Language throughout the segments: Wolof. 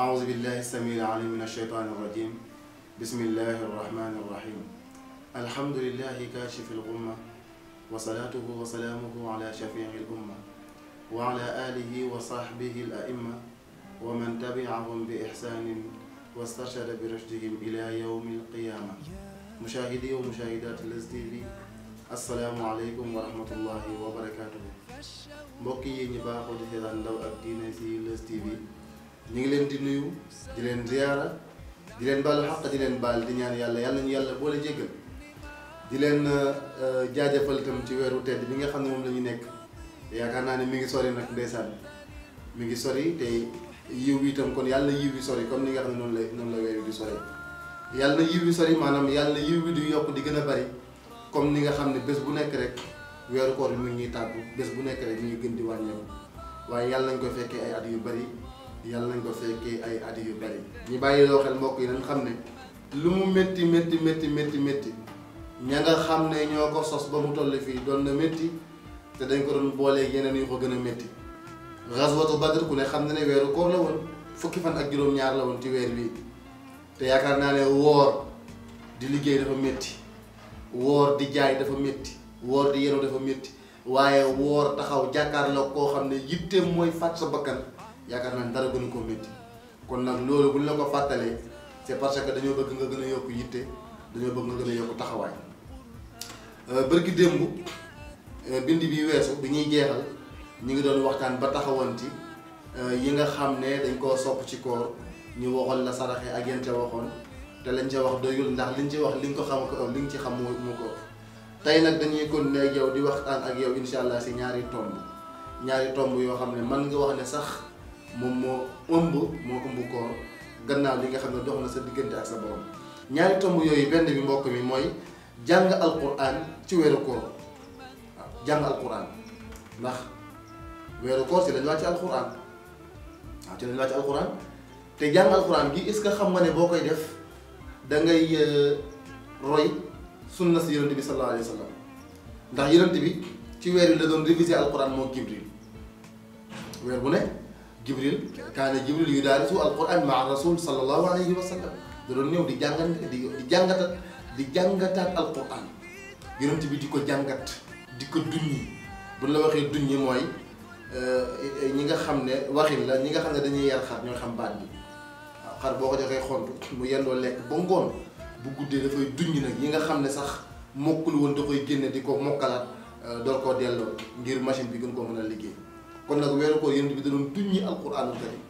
أعوذ بالله السميع العليم من الشيطان الرجيم بسم الله الرحمن الرحيم الحمد لله كاشف الغمة وصلاته وسلامه على شفيع الأمة وعلى آله وصحبه الأئمة ومن تبعهم بإحسان واسترشد برشدهم إلى يوم القيامة مشاهدي ومشاهدات لز تي في asalaamaaleykum wa rahmatullahi wa barakaatu mbokk yi ñu baaxoo di seetaan ndaw ak diine si Leuz TV ñu ngi leen di nuyu di leen ziyaara di leen baalu xaq di leen baal di ñaan yàlla yàlla ñu yàlla boole jéggal di leen euh, euh, jaajëfal itam ci weeru tedd bi nga xam ne moom la ñu nekk yaakaar naa ne mi ngi sori nag ndeysaan mu ngi sori te yiw bi itam kon yàlla yiw bi sori comme ni nga xam ne noonu la noonu la weeru di sori yàlla na yiw bi sori maanaam yàlla yiw bi di yokk di gën a bari comme ni nga xam ne bés bu nekk rek weeru koor mi ngi ñuy tàggu bés bu nekk rek mi ngi gën di waaye yàlla nañ ko fekkee ay yu bari yàlla nañ ko fekkee ay at yu bari ñu bàyyi loo xel mbokk yi nañ xam ne lu mu métti métti métti métti métti ña nga xam ne ñoo ko sos ba mu toll fii doon na métti te dañ ko doon boolee yeneen yu ko gën a métti gazwatu Badr ku ne xam na ne weeru koor la woon fukki fan ak juróom-ñaar la woon ci weer bii te yaakaar naa ne woor di liggéey dafa métti woor di jaay dafa metti woor di yenu dafa métti waaye woor taxaw jàkkaar jàkkaarloo koo xam ne yitteem mooy faat sa bakkan yaakaar naa dara gënu ko métti kon nag loolu buñ la ko fàttalee c'est parce que dañoo bëgg nga gën a yokk yitte dañoo bëgg nga gën a yokk taxawaay euh, bërki démb euh, bind bi weesu bi ñuy jeexal ñu ngi doon waxtaan ba taxawanti euh, yi nga xam ne dañ ko sopp ci koor ñu waxoon la saraxe ak yéen ca waxoon te lañ ca wax doyul ndax liñ ci wax liñ ko xam ko liñ ci xam moo mu ko tey nag dañuy continuer ak yow di waxtaan ak yow incha allah si ñaari tomb ñaari tomb yoo xam ne mën nga wax ne sax moom moo ëmb moo ëmb koor gannaaw li nga xam ne dox na sa diggante ak sa borom ñaari tomb yooyu benn bi mbokk mi mooy jàng alquran ci weeru koor waaw jàng alquran ndax weeru koor si lañu wàcc ci lañu wàcc alquran te jàng alquran gi est-ce que xam nga ne boo koy def da ngay euh, roy sunna si yonent bi sallallahu alayhi ndax yonent bi ci weer yi la doon réviser alquran moo Jibril weer bu ne. jibril kaana jibril yu daarisu alquran maa rasul sallallahu alayhi wa sallam da doon ñëw di jàngat di jàngatat di jàngataat alquran ti bi di ko jàngat di ko dunyi bu la waxee dunyi mooy euh, ñi nga xam ne waxin la ñi nga xam ne dañuy yar xar ñoo xam bi xar boo ko joxee xont mu yendoo lekk ba ngoon bu guddee dafay dunyi nag ñi nga xam ne sax mokkul woon da koy génne di ko mokkalaat euh, door koo delloo ngir machine bi gën koo mën a liggéey kon nag weeru koor yonent bi da doon duññi alquraanul karim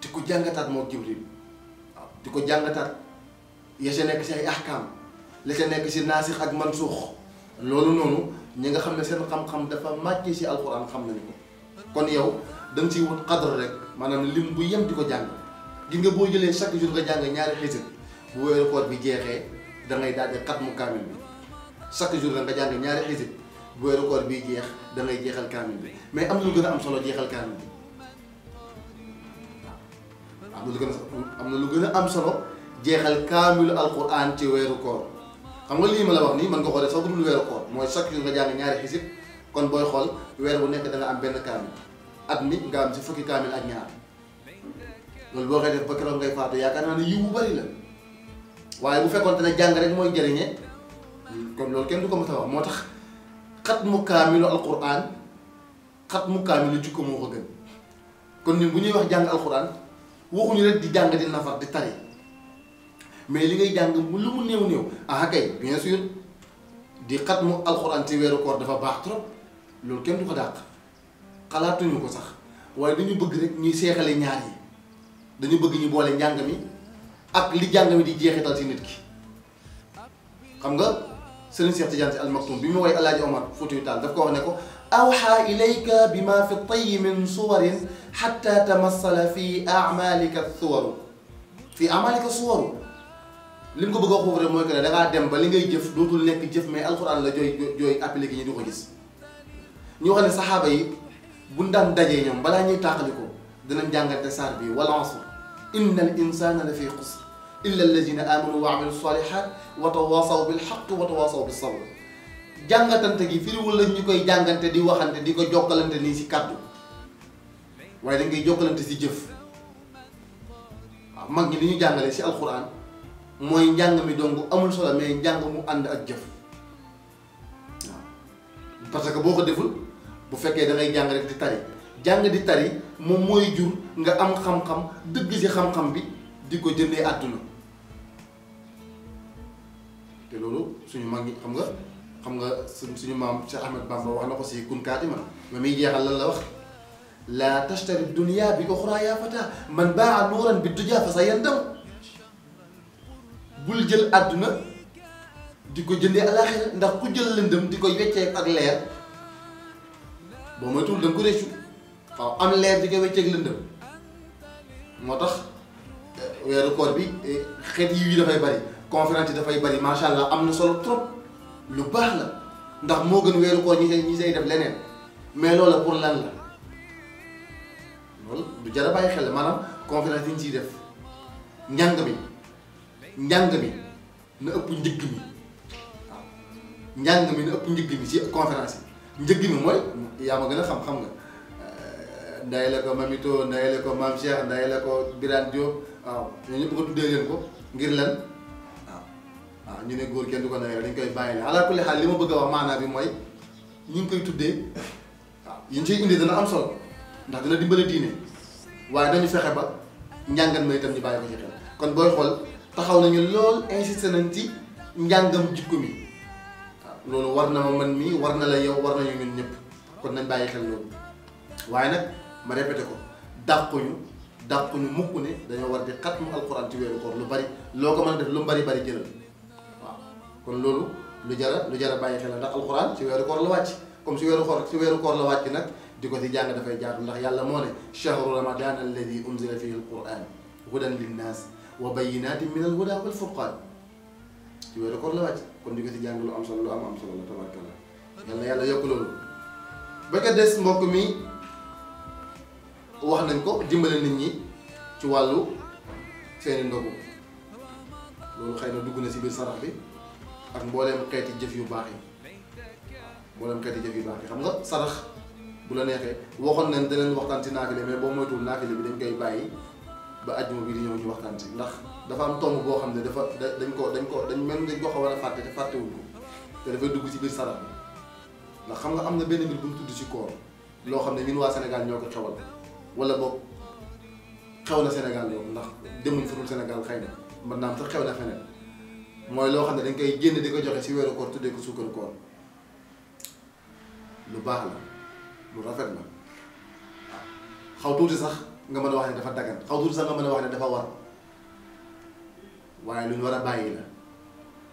di ko jàngataat moo bi waaw di ko jàngataat ya ca nekk si ay ahkaam la ca nekk si naasix ak mansuux loolu noonu ñi nga xam ne seen xam-xam dafa màcc si alquraan xam nañu ko kon yow dañ siy wut qadr rek maanaam lim bu yem di ko jàng gis nga boo jëlee chaque jour nga jàng ñaari xisir bu weeru koor bi jeexee da ngay daal di xatmu kaamil bi chaque jour nga jàng ñaari xisir bu weeru koor bii jeex da ngay jeexal kaamil bi mais am na lu gën am solo jeexal kaamil bi waaw am lu gën a am na lu gën a am solo jeexal kaamilu alquran ci weeru koor xam nga lii ma la wax nii mën nga ko def sax dul weeru koor mooy chaque jour nga jàng ñaari xisib kon booy xool weer bu nekk da am benn kaamil at mi nga am si fukki kaamil ak ñaar loolu boo koy def ba keroog ngay faatu yaakaar naa ne yiw bu bari la waaye bu fekkoon te ne jàng rek mooy jëriñee kon loolu kenn du ko mën wax moo tax. xat mu kaamilu alquran xat mu kaamilu jikko moo ko gën kon ñun bu ñuy wax jàng alquran waxuñu rek di jàng di nafar di tari mais li ngay jàng mu lu mu néew néew ah kay di xat mu alquran dafa baax trop loolu kenn du ko dàq xalaatuñu ko sax waaye dañu bëgg ñuy seexale ñaar yi dañu bëgg ñu boole njàng mi ak li jàng mi di jeexital ci nit ki xam nga. Serigne Cheikh Tidiane Sy bi mu woy Alaaji Omar Fuutiyu Taal daf ko wax ne ko awxaa bi ma fi tayyi min suwarin xatta tamassala fi amalika suwaru fi amalika suwaru li mu ko bëgg a xuuf rek mooy dem ba li ngay jëf dootul nekk jëf mais alxuraan la jooy jooy appliqué ñi di ko gis ñu wax ne saxaaba yi buñ daan dajee ñoom balaa ñuy tàqali ko dinañ jàngante saar bi wal asr inna la fi xusr illa allazina amanu wa amilu salihat wa tawasaw bil gi firiwul lañ koy jàngante di waxante di ko jokkalante nii si kàddu waaye da jokkalante si jëf mag ñi li ñu jàngale si alxuraan mooy njàng mi dong amul mu ànd ak jëf parce que boo ko deful bu fekkee da ngay jàng rek di tari jàng di tari moom mooy jur nga am xam-xam dëgg si xam-xam bi di ko jëndee àdduna te loolu suñu mag ñi xam nga xam nga suñu maam Cheikh Ahmed Bamba wax na ko si kun man ma muy jeexal lan la wax laa tashtari dunya bi uxraa yaa fata man baa nuuran bi du fa sa yandam bul jël àdduna di ko jëndee alaaxira ndax ku jël lëndëm di ko weccee ak leer boo moytuwul da nga ko réccu waaw am leer di ko weccee ak lëndëm moo tax eh, weeru koor bi eh, xeet yi yi dafay bari conférence yi dafay bëri macha allah am na solo trop lu baax na ndax moo gën weeru koor ñi say ñi say def leneen mais loola pour lan la loolu du jar a bàyyi xel maanaam conférence yi ñu ciy def njàng mi njàng mi na ëpp njëgg mi waaw njàng mi na ëpp njëgg mi ci conférence yi njëgg mi mooy yaa ma gën a xam xam nga euh, ndaye la ko Mamito ndaye la ko Mame Cheikh ndaye la ko Birane waaw ñoo ñëpp ko tuddee leen ko ngir lan waaw ah, ñu ne góor kenn du ko nawee dañ koy bàyyi la alaakulli xaal li ma bëgg a wax maanaam bi mooy ñu ngi koy tuddee waaw ah, yi ñu ciy indi dana am solo ndax dina dimbale diine waaye dañu fexe ba njàngan ma itam ñu bàyyi ko ci kon booy xool taxaw nañu lool insisté nañ ci njàngam jikko mi waaw ah, loolu war na ma man mii war na la yow war nañu ñun ñëpp kon nañ bàyyi xel loolu waaye nag ma répété ko dàquñu dàquñu mukk ne dañoo war di xat mu alxuraan ci weeru koor lu bari loo ko mën a def lu bari bari jëlal kon loolu lu jara lu jara bàyyi xel ndax alxuraan ci weeru koor la wàcc comme si weeru koor si weeru koor la wàcc nag di ko ci jàng dafay jaadu ndax yàlla moo ne chahru ramadan alladi unzila fihi alquran hudan linnas wa bayinatin min alhuda wal furqan ci weeru koor la wàcc kon di ko si jàng lu am solo lu am am solo la yàlla yokk loolu ba ka des mbokk mi wax nañ ko dimbale nit ñi ci wàllu seeni ndogu loolu xëy na dugg na si biir sarax bi ak mbooleem xeeti jëf yu baax yi mbooleem xeeti jëf yu baax yi xam nga sarax bu la neexee waxoon nañ danañ waxtaan ci naafile mais boo moytuwul naafile bi dañ koy bàyyi ba ajjuma bi di ñëw ñu waxtaan si ndax dafa am tomb boo xam ne dafa dañ ko dañ ko dañ mel dañ ko xaw a fàtte te fàttewuñ ko te dafay dugg ci biir sarax bi ndax xam nga am na benn mbir bu ñu tudd ci koor loo xam ne ñun waa senegal ñoo ko xewal wala boog xew na Sénégal yow ndax demuñ fu dul Sénégal xëy na mën naa am xew na mooy loo xam ne dañ koy génn di ko joxe ci weeru koor tuddee ko suukaru koor lu baax la lu rafet la xaw tuuti sax nga mën a wax ne dafa dagan xaw tuuti mën a wax ne dafa war waaye lu war a bàyyi la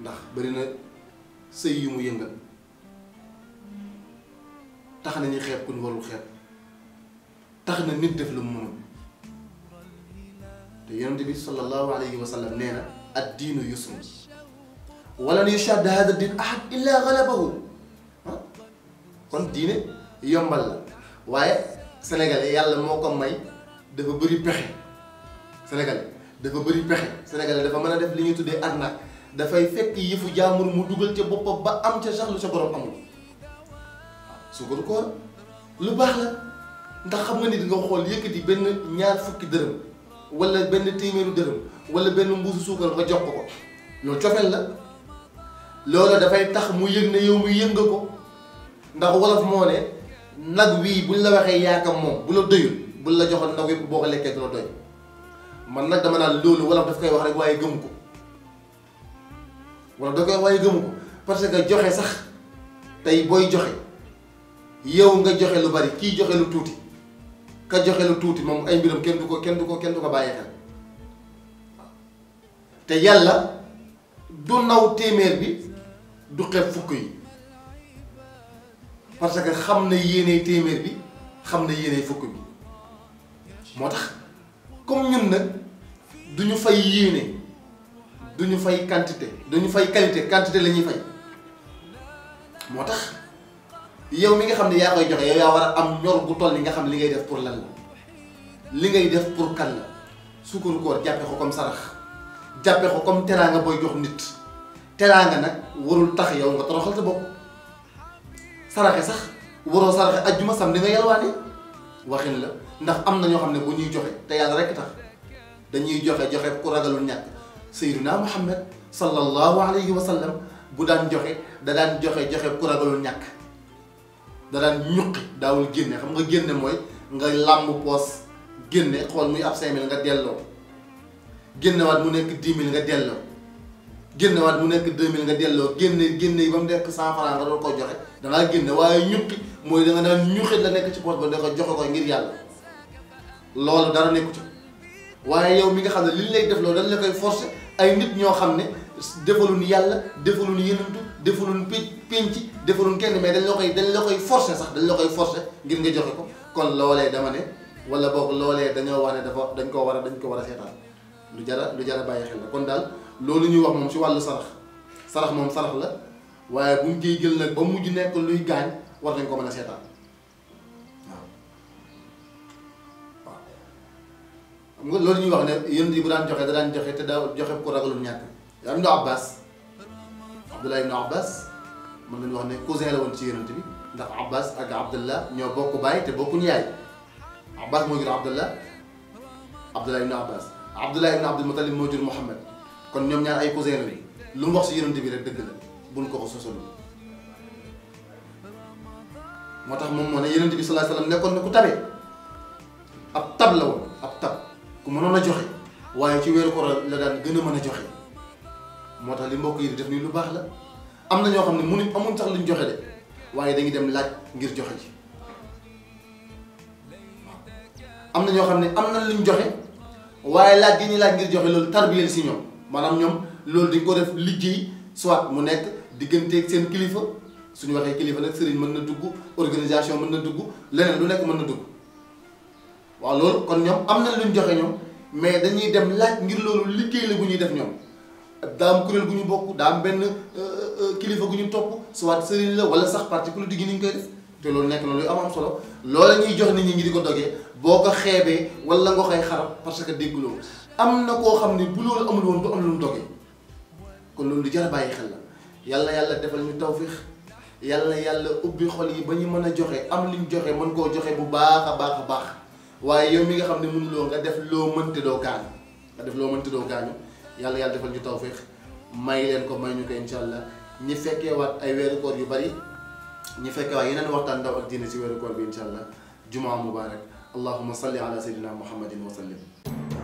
ndax bari na sëy yu mu yëngal tax nañu ñuy xeeb ku warul xeeb tax na nit def lu mu mënul te yonent bi sallallahu alayhi wa sallam nee na ad diinu yusrun walan yushad hada din ahad illa galabahu kon diine yombal la waaye sénégalais yàlla moo ko may dafa bëri pexe sénégalais dafa bari pexe sénégalais dafa mën a def li ñuy tuddee arnaque dafay fekk yëfu jaamur mu dugal ca boppam ba am ca sax lu sa borom amul sukkur koor lu baax la ndax xam nga ni di nga xool yëkkati benn ñaar fukki dërëm wala benn téeméeru dërëm wala benn mbuusu suukar nga jox ko ko cofeel la loolu dafay tax mu yëg ne yow mu yëg nga ko ndax wolof moo ne nag wii buñ la waxee yaakam moom bu la bu buñ la joxoon nag yëpp boo ko lekkee du la doy man nag dama naan loolu wolof daf koy wax rek waaye gëmu ko wolof daf koy wax waaye gëmu ko parce que joxe sax tey booy joxe yow nga joxe lu bari kii joxe lu tuuti ka joxe lu tuuti moom ay mbiram kenn du ko kenn du ko kenn ko bàyyi xel te yàlla du naw téeméer bi. du fukk yi parce que xam na yéene téeméer bi xam na yéene fukk bi moo tax comme ñun nag du ñu fay yéene du ñu fay quantité du ñu fay qualité quantité la ñuy fay moo tax yow mi nga xam ne yaa koy joxe yow yaa war a am ñor gu toll li nga xam li ngay def pour lan li ngay def pour kan la sukkaru koor jàppe ko comme sarax jàppe ko comme teraanga booy jox nit teraanga nag warul tax yow nga toroxal sa bopp saraxe sax waroo saraxe ajjuma sam di nga yalwaane waxin la ndax am na ñoo xam ne bu ñuy joxe te yàlla rekk tax dañuy joxe joxe ku ragalul ñàkk sayyiduna muhammad sallallahu alayhi wa sallam bu daan joxe da daan joxe joxe ku ragalul ñàkk da daan ñuqi daawul génne xam nga génne mooy nga làmb poos génne xool muy ab cinq mille nga delloo génnewaat mu nekk dix mille nga delloo génn génnewaat mu nekk 2000 nga delloo génne génne yi ba mu nekk 100 francs nga doon ko joxe dangaa génn waaye ñuqi mooy da nga daan ñuqit la nekk ci poche ba da ko joxe ko ngir yàlla loolu dara nekku ci waaye yow mi nga xam ne liñ lay def loolu dañ la koy forcer ay nit ñoo xam ne defaluñ yàlla defaluñ yenantu defaluñ pi penc defaluñ kenn mais dañ la koy dañ la koy forcer sax dañ la koy forcer ngir nga joxe ko kon loolee dama ne wala boog loolee dañoo wax ne dafa dañ koo war dañ ko war a seetaan lu jara lu jara bàyyi xel loolu ñuy wax moom si wàllu sarax sarax moom sarax la waaye bu ñu koy jël nag ba mujj nekk luy gaañ war nañ ko mën a seetaan waaw nga loolu ñuy wax ne yéen yi bu daan joxe da daan joxe te daa joxe ku ragalul ñàkk yaa ibnu Abbas Abdullah ibnu Abbas mën nañu wax ne cousin la woon ci yonent bi ndax Abbas ak Abdullah ñoo bokk baay te bokkuñu yaay Abbas moo jur Abdullah Abdullah ibnu Abbas Abdullah ibnu Abdul Mutalib moo jur Muhammad kon ñoom ñaar ay cousin lañu lu mu si yonent bi rek dëgg la buñ ko ko sosalu moo tax moom moo ne yonent bi sallallahu alayhi wasallam nekkoon na ku tabe ab la woon ab tab ku mënoon a joxe waaye ci weeru koor la daan gën a mën a joxe moo tax li mbokk yi di def nii lu baax la am na ñoo xam ne mënuñ amuñ sax luñ joxe de waaye dañuy dem laaj ngir joxe ci am na ñoo xam ne am na luñ joxe waaye laaj gi ñu laaj ngir joxe loolu tarbiyel si ñoom. maanaam ñoom loolu di ko def liggéey soit mu nekk digganteeg seen kilifa suñu waxee kilifa nag sëriñ mën na dugg organisation mën na dugg leneen lu nekk mën na dugg waaw loolu kon ñoom am na luñ joxe ñoom mais dañuy dem laaj ngir loolu liggéey la bu ñuy def ñoom daa am kuréel gu ñu bokk daa am benn euh, euh, kilifa gu ñu topp soit sëriñ la wala sax parti politique yi ni ñu koy def te loolu nekk na lu am am solo loola ñuy jox nit ñi ngi di ko dogee boo ko xeebee wala nga koy xarab parce que dégguloo am na koo xam ne bu loolu amul woon du am lu doge kon loolu lu jar bàyyi xel la yàlla yàlla defal ñu tawféex yàlla yàlla ubbi xol yi ba ñu mën a joxe am liñ joxe mën koo joxe bu baax a baax baax waaye yow mi nga xam ne mënuloo nga def loo mënte doo gaañu nga def loo mënte doo gaañu yàlla yàlla defal ñu tawféex may leen ko may ñu ko incha allah ñi fekkee waat ay weeru koor yu bari ñi fekkee waat yeneen waxtaan ndaw ak diine si weeru koor bi incha allah jumaa mubaarak allahumma salli ala sayyidina muhammadin wa sallim